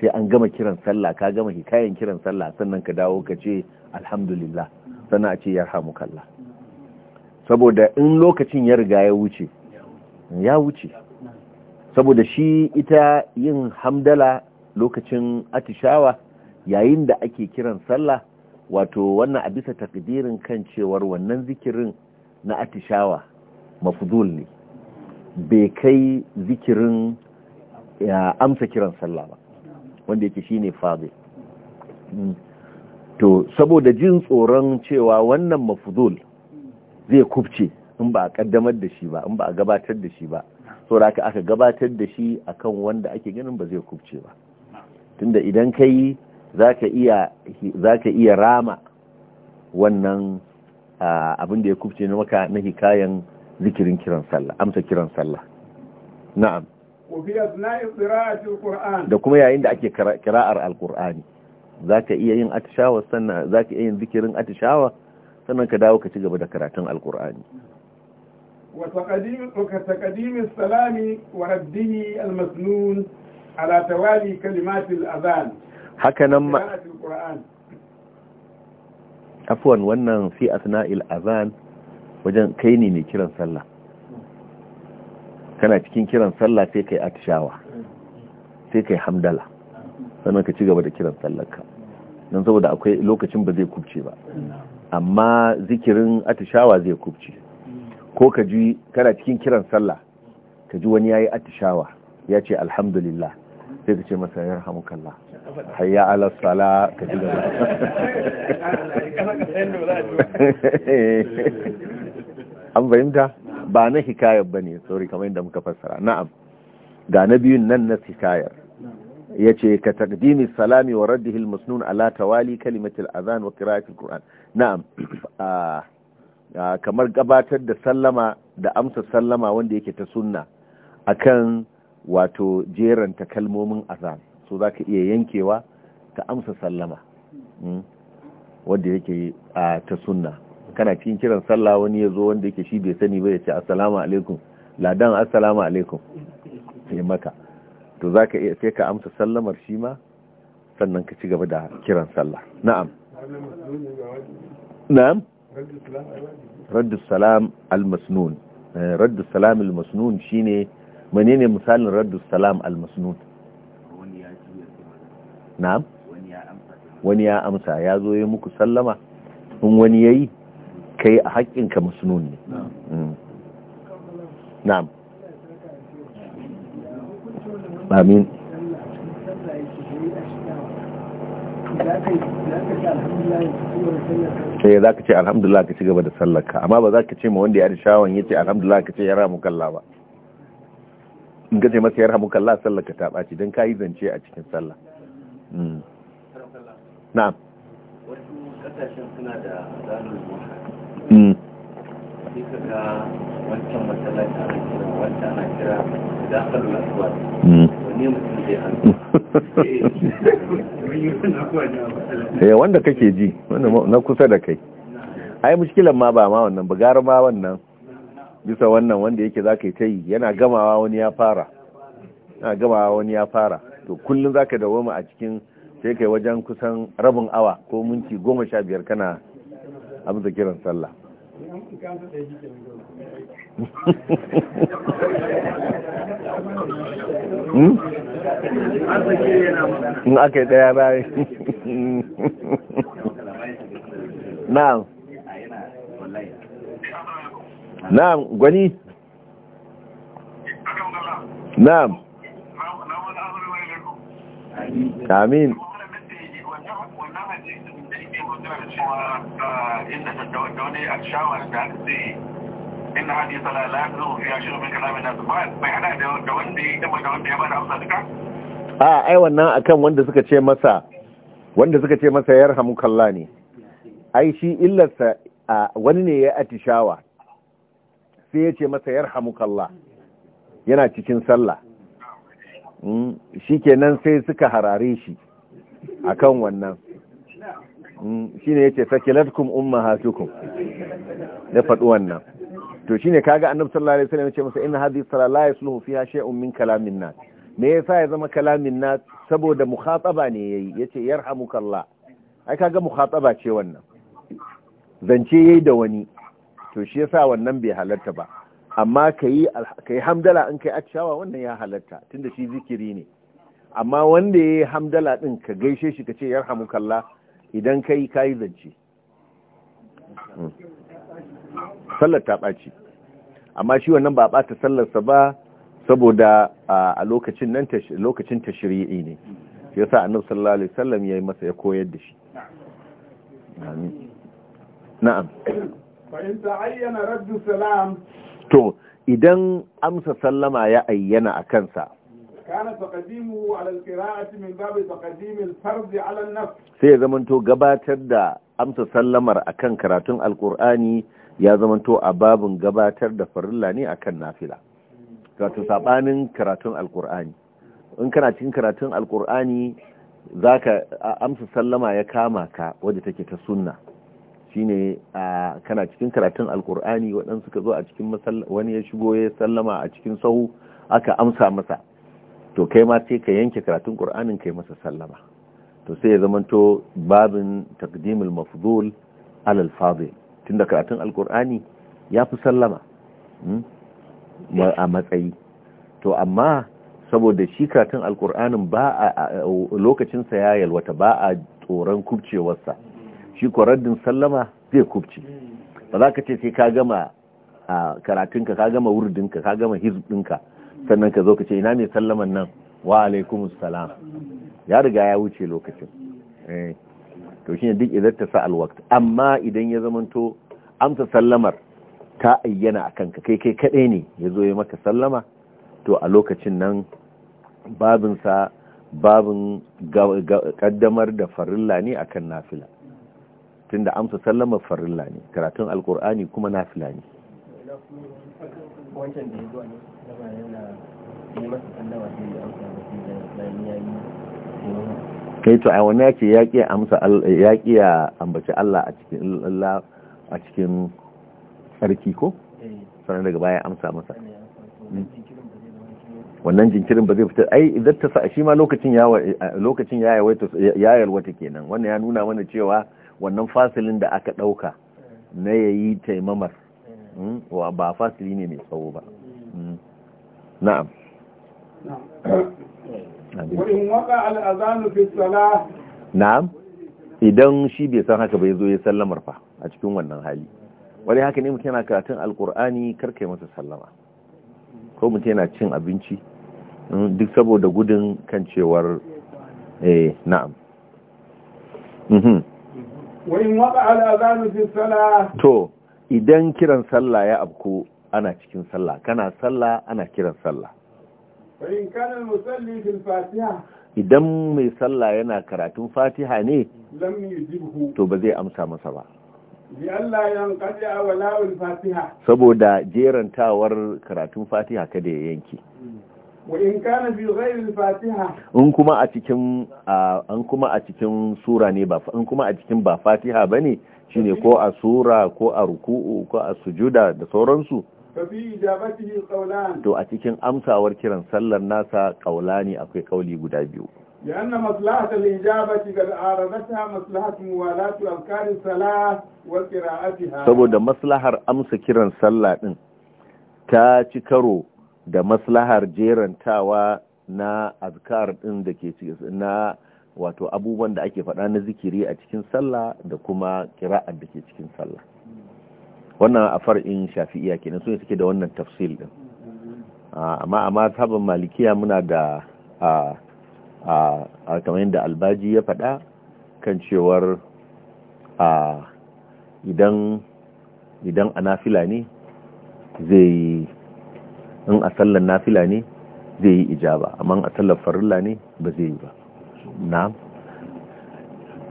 sai an gama kiran sallah ka gama hikayen kiran sallah sannan ka dawo ka ce alhamdulillah sannan a ce yarhamukallah saboda in lokacin ya riga ya wuce ya wuce saboda shi ita yin hamdala lokacin atishawa yayin da ake kiran sallah wato wannan a bisa takdirin kan cewar wannan zikirin na atishawa mafudul ne bai kai zikirin ya amsa kiran sallah ba wanda yake shine fadil hmm. to saboda jin tsoron cewa wannan mafudul zai kubce in ba a kaddamar da shi ba in ba a gabatar da shi ba saboda da aka gabatar da shi akan wanda ake ganin ba zai kubce ba tunda idan ka yi za ka iya rama wannan abin da ya kubce na maka na hikayen zikirin kiran sallah amsa kiran sallah na'am da kuma yayin da ake kira'ar alkur'ani zaka iya yin atishawa sannan za iya yin zikirin atishawa sannan ka dawo ka ci gaba da karatun alkur'ani وتقديم وكتقديم السلام ورده المسنون على توالي كلمات الأذان هكذا ما القرآن عفوا وانا في أثناء الأذان wajen kai ne mai kiran sallah kana cikin kiran sallah sai kai atishawa sai kai hamdala sannan ka ci gaba da kiran sallarka don saboda akwai lokacin ba zai kubce ba amma zikirin atishawa zai kubce ko ka ji kana cikin kiran sallah ka ji wani yayi atishawa ya ce alhamdulillah sai ka ce masa ya kalla. hayya ala sala ka ji da an fahimta ba na hikayar bane sorry kamar yadda muka fassara na'am ga na biyun nan na hikayar ce ka taqdimi salami wa raddihi al-masnun ala tawali kalimati adhan wa qira'ati quran na'am ah, kamar gabatar da sallama da amsa sallama wanda yake ta sunna akan wato ta kalmomin azan so za ka iya yankewa ta amsa sallama hmm, wanda yake ta sunna kana cikin kiran sallah wani ya zo wanda yake shi bai sani ba ya ce assalamu alaikum ladan assalamu alaikum sai maka to za ka iya sai ka amsa sallamar shi ma sannan ka ci gaba da kiran sallah na'am na'am raddu salam al-masnun eh, raddu salam al-masnun shine ne misalin raddu salam al-masnun na'am wani ya amsa ya zo ya muku sallama in wani ya yi? Ka yi a haƙƙinka masnun ne na'am mm. amin sai eh, za ka ce alhamdulillah ka ci gaba da sallarka amma ba za ka ce ma wanda ya rishawan ya ce alhamdulillah ka ce ya ramu kalla ba in ka ce masa ya ramu kalla sallarka ta ɓaci don ka yi zance a cikin sallah hmm. na'am wasu kasashen suna da zanen sai ka ga wancan da ne eh, wanda kake ji wanda na kusa da kai ai mushkilan ma ba ma wannan bugar ma wannan bisa wannan wanda yake za ka yi ta yi yana gamawa wani ya fara yana gamawa wani ya fara to kullum za ka dawoma a cikin sai kai wajen kusan rabin awa ko minti goma sha biyar kana amsa kiran sallah Hmm? in aka daya tsaya na'am na'am gwani na'am amin inda da wani alshawar da aka ce inda hadisa la ya yazu fi ashiru min kalamin nas ba bai hada da wanda ya da wanda ya bada amsa duka a ai wannan akan wanda suka ce masa wanda suka ce masa yarhamukallah ne ai shi illarsa wani ne ya atishawa sai ya ce masa yarhamukallah yana cikin sallah shi kenan sai suka harare shi akan wannan shine sakilatkun sakilatkum ummahatukum ya faɗi wannan to shine kaga annabu sallallahu alaihi wasallam ce masa inna hadhihi salat la yasluhu fiha shay'un min kalamin nas me yasa ya zama kalamin nas saboda mukhataba ne yayi yace yarhamukallah ai kaga mukhataba ce wannan zance yayi da wani to shi yasa wannan bai halarta ba amma ka yi hamdala in kai akshawa wannan ya halarta tunda shi zikiri ne amma wanda yayi hamdala din ka gaishe shi kace yarhamukallah idan kai kayi zance hmm. sallar ta ɓaci amma shi wannan ba ɓata sallarsa ba saboda a lokacin nan lokacin tashri'i ne yasa annab sallallahu alaihi wasallam yayi masa ya koyar da shi amin na'am fa in ta'ayyana raddu salam to idan amsa sallama ya ayyana a kansa kana taqdimuhu ala alqira'ati min babi taqdim alfard ala an-nafs sai ya zamanto gabatar da amsa sallamar akan karatun alqur'ani ya zamanto a babin gabatar da farilla ne akan nafila wato sabanin karatun alqur'ani in kana cikin karatun alqur'ani zaka amsa sallama ya kama ka wadda take ta sunna shine a kana cikin karatun alkur'ani waɗansu ka zo a cikin wani ya shigo ya sallama a cikin sahu aka amsa masa to kai ma ce ka yanke karatun qur'anin kai masa sallama to sai ya zama to babin takdimul mafdhul alal fadil tunda karatun alqur'ani ya fi sallama hmm, a matsayi to amma saboda shi karatun alkur'anin ba a lokacinsa ya yalwata ba a tsoron kubcewarsa shi kwaraddin sallama zai kubce ba za ka ce sai ka gama karatunka ka gama wurdinka ka gama hizbinka sannan ka zo ka ce ina mai sallaman nan wa alaikum salam ya riga ya wuce lokacin eh. to shine duk idan ta sa alwaqt amma idan ya zamanto amsa sallamar ta ayyana akan ka kai kai kadai ne ya zo ya maka sallama to a lokacin nan babin sa babin kaddamar da farilla ne akan nafila tunda amsa sallamar farilla ne karatun alkur'ani kuma nafila ne ne kai to a wani yake yaƙi amsa yaƙi ya ambaci Allah a cikin Allah a cikin sarki ko sannan daga baya amsa masa wannan jinkirin ba zai fita ai idan ta sa shi ma lokacin ya lokacin ya yawaita ya yalwata kenan wannan ya nuna mana cewa wannan fasilin da aka dauka na yayi taimamar hmm, ba fasili ne mai tsawo ba hmm. na'am waka na'am idan shi bai san haka bai zo ya sallamar fa a cikin wannan hali wani haka ne mutum yana karatun alkur'ani karka yi masa sallama ko mutum yana cin abinci mm, duk saboda gudun kan cewar eh na'am mhm. Wurin waka al'azanu fi tsala? to idan kiran sallah ya ko ana cikin sallah kana sallah ana kiran sallah idan mai sallah yana karatun fatiha ne to ba zai amsa masa ba saboda jerantawar karatun fatiha kada ya yanki. in kuma a cikin an kuma a cikin sura ne ba an kuma a cikin ba fatiha ne, shi ko a sura ko a ruku'u ko a sujuda da sauransu to a cikin amsawar kiran sallar nasa kaulani akwai ƙauli guda biyu saboda maslahar amsa kiran sallah din ta ci karo da maslahar jerantawa na azkar din da ke na wato abubuwan da ake faɗa na zikiri a cikin sallah da kuma kira'ar da ke cikin sallah wannan a far'in shafi'iya kenan sun suke da wannan tafsil din amma amma mazhaban malikiya muna da a kamar yadda albaji ya faɗa kan cewar a idan idan a nafila ne zai in a sallar nafila ne zai yi ijaba amma a sallar farilla ne ba zai yi ba na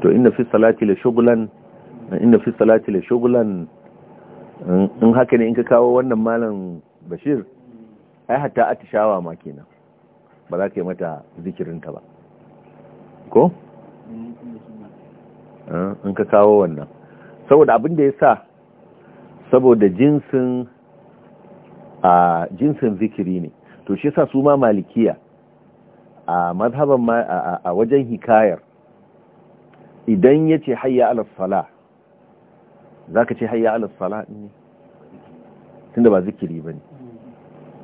to inda fi salati la shugulan inna fi salati la shugulan. in haka ne in ka kawo wannan malam bashir ai hatta atishawa ma kenan ba za ka yi mata zikirinta ba ko? Ah, in ka kawo wannan saboda abin da ya sa saboda jinsin a jinsin zikiri ne to shi sa su ma malikiya a mazhaban a wajen hikayar idan ya ce hayya alasala. za ka ce hayya ala sala tunda ba zikiri ba ne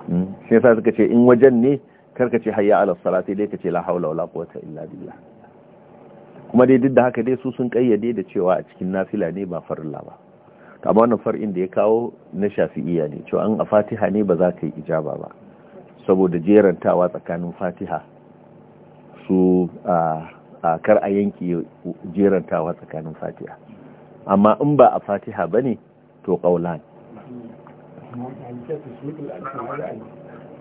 hmm, shi yasa suka ce in wajen ne karka ce hayya ala sala sai dai ka ce la haula wala quwwata illa billah kuma dai duk da haka dai su sun kayyade da cewa a cikin nafila ne ba farilla ba amma wannan far'in da ya kawo na shafi'iyya ne cewa an a fatiha ne ba za ka yi ijaba ba saboda jerantawa tsakanin fatiha su a kar a yanki jerantawa tsakanin fatiha amma in ba a fatiha ba ne to ne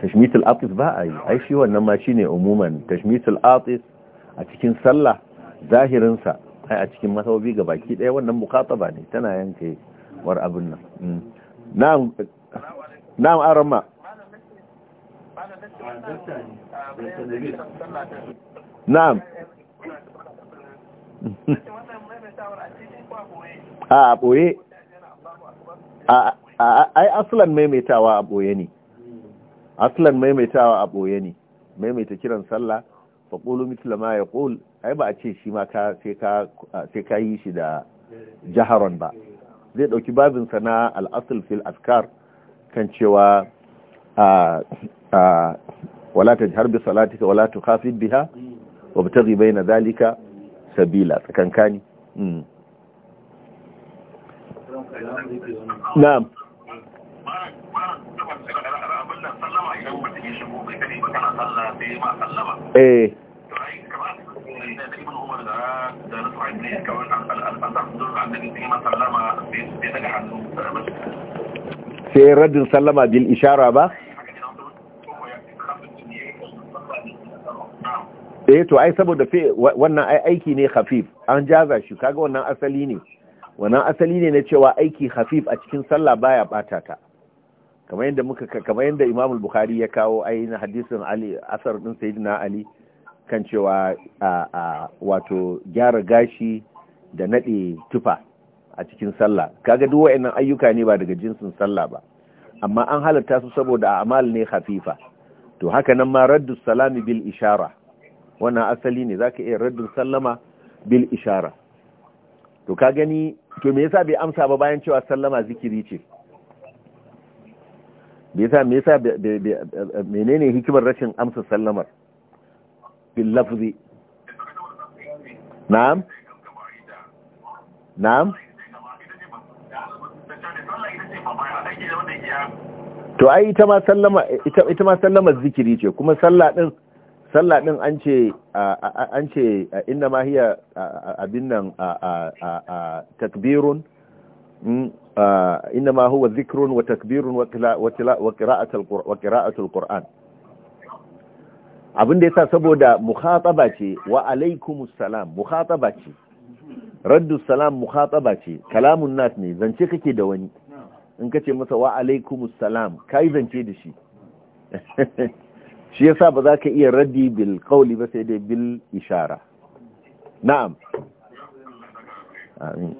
tashmitul atis ba a yi ai shi wannan ma shi ne umuman tashmitul atis a cikin sallah zahirinsa ai a cikin masaubi ga baki ɗaya wannan ba ne tana yanke war abin nan mm. na'am na'am arama na'am a ɓoye ai aslan maimaitawa a ɓoye ne aslan maimaitawa a ɓoye ne maimaita kiran sallah faƙulu mitula ma ya ƙul ai ba a ce shi ma sai ka yi shi da jaharon ba zai ɗauki babinsa na al'asul fil askar kan cewa wala ta harbi salatika wala ta kafin biha wa bi na zalika sabila tsakankani hmm. na'am eh sai raddin sallama bil ishara ba eh to ai saboda wannan aiki ne khafif an jaza shi kaga wannan asali ne wannan asali ne na cewa aiki hafif a cikin sallah baya bata ta kamar yadda muka kamar yadda Imam Bukhari ya kawo ainihin hadisin Ali asar din Sayyidina Ali kan cewa a wato gyara gashi da nade tufa a cikin sallah kaga duk wayannan ayyuka ne ba daga jinsin sallah ba amma an halatta su saboda amal ne hafifa to haka nan ma raddu salami bil ishara wannan asali ne zaka iya raddu sallama bil ishara to ka gani to me yasa bai amsa ba bayan cewa sallama zikiri ce me yasa me yasa menene hikimar rashin amsa sallamar bil lafzi na'am na'am to ai ita ma sallama ita ma sallamar zikiri ce kuma sallah din sallah din an ce an ce inna ma hiya abin nan takbirun mm, inna ma huwa zikrun wa takbirun wa wa qira'atul qur'an abin da yasa saboda mukhataba ce wa alaikumus salam mukhataba ce raddu salam mukhataba ce kalamun nas ne zance kake da wani in kace masa wa alaikumus salam kai zance da shi shi yasa ba za ka iya raddi bil qawli ba sai dai bil ishara na'am amin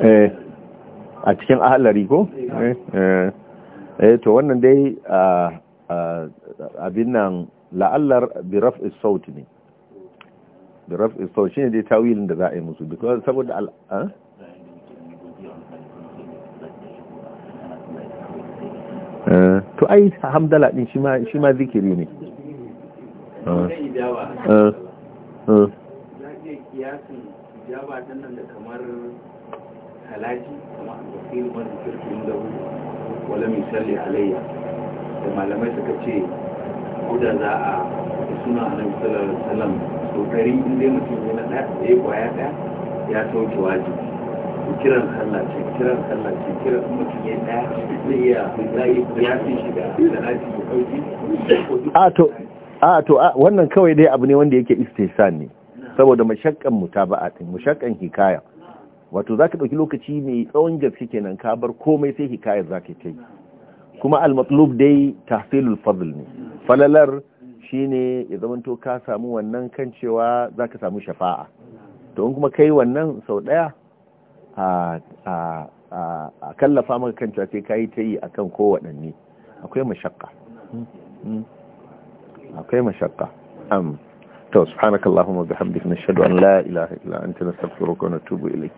eh. eh. a cikin ahalari ko? Eh, eh to wannan dai ah, ah, abin nan la'allar biraf is sauti ne da raf'i sau shine dai tawilin da za a yi musu because saboda al eh, to ai hamdala din shi ma zikiri ne da ah. ah. ah. malamai suka ce ko da za a suna annabi sallallahu alaihi wasallam kokari in dai mutum ya na ɗaya ya kwaya ɗaya ya sauke wajibi kiran sallah ce kiran sallah ce kiran mutum ya ɗaya zai iya ya fi shiga da nafi ya ɗauki a to a to wannan kawai dai abu ne wanda yake istihsan ne saboda mashakkan a din mashakkan hikaya wato zaka dauki lokaci ne tsawon gaske kenan ka bar komai sai hikayar zaka ka yi kuma al-matlub dai tahsilul fadl ne falalar Shi ne ya zamanto ka samu wannan kan cewa za ka samu shafa'a to kuma kuma kai wannan sau ɗaya a kallafa maka kan cewa sai ka yi ta yi a kan kowaɗanne akwai mashakka akwai mashakka am to subhanakallahumma bihamdika nashhadu an la ilaha illa anta nastaghfiruka wa natubu ilayk